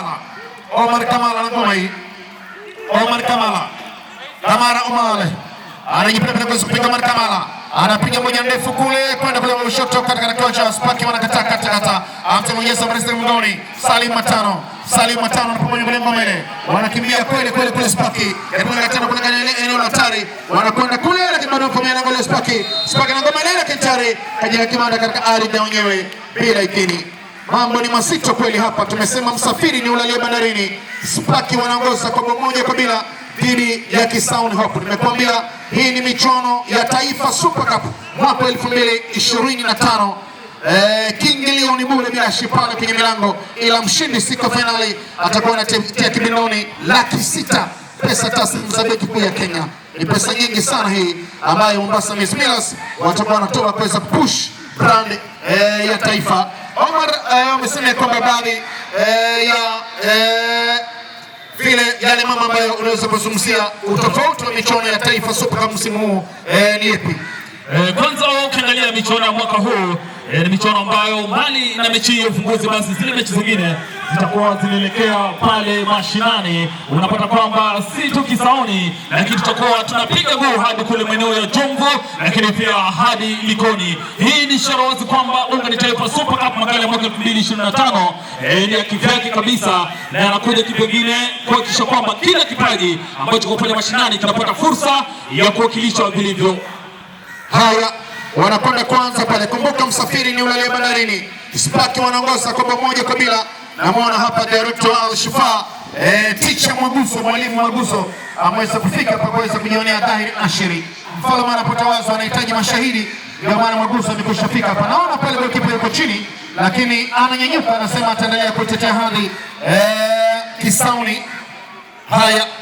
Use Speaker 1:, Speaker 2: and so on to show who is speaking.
Speaker 1: Kamala Omar Kamala anakomai Omar Kamala Kamara Omale anajipenda kwenda Omar Kamala anapiga moja ndefu kule kwenda kule kushoto katika kiwanja Spaki wanakata kata kata amtemonyeza Mrezi Mngoni Salim Matano Salim Matano anapomoja mlengo mbele wanakimbia kweli kweli kule Spaki ndipo katana kuna kale eneo la hatari wanakwenda kule lakini bado kwa mlango wa Spaki Spaki na ngoma lele kentari kajiweka kimanda katika ardhi ya bila idhini Mambo ni mazito kweli hapa. Tumesema msafiri ni ulalie bandarini. Spaki wanaongoza kwa bao moja kwa bila dhidi ya Kisauni Hope. Nimekuambia hii ni michuano ya Taifa Super Cup mwaka 2025. Eh, King ni bure bila shipano kwenye milango, ila mshindi siku finali atakuwa anatia kibindoni laki sita pesa taslimu za benki kuu ya Kenya. Ni pesa nyingi sana hii ambayo Mombasa Millers watakuwa wanatoa kuweza kupush brand eh, ya taifa useme eh, kwamba baadhi eh, ya eh, vile yale mama ambayo unaweza kuzungumzia utofauti wa michuano ya Taifa Super kwa msimu huu ni ipi?
Speaker 2: Kwanza ukiangalia michuano ya mwaka huu ni michuano ambayo mbali na mechi ya ufunguzi, basi zile mechi zingine zitakuwa zinaelekea pale mashinani. Unapata kwamba si tu Kisaoni, lakini tutakuwa tunapiga guu hadi kule maeneo ya Jomvu, lakini pia hadi Likoni. Hii ni ishara wazi kwamba Unga ni Taifa Super Cup makala ya mwaka 2025 eh, ni ya kivyake kabisa, na anakuja kipengine kuhakikisha kwamba kila kipaji ambacho kwa pale mashinani kinapata fursa ya kuwakilisha vilivyo.
Speaker 1: Haya, wanapanda kwanza pale. Kumbuka msafiri ni ule aliye bandarini. Spaki wanaongoza kwa moja kwa bila Namwona hapa director Al Shifa eh, teacher Mwaguso, mwalimu Mwaguso ameweza kufika hapa kuweza kujionea dhahiri ashiri. Mfalme anapotawazwa anahitaji mashahidi, ndio maana Mwaguso amekushafika hapa. Naona pale golikipa yuko chini, lakini ananyanyuka, anasema ataendelea kuitetea hadhi eh, Kisauni. Haya.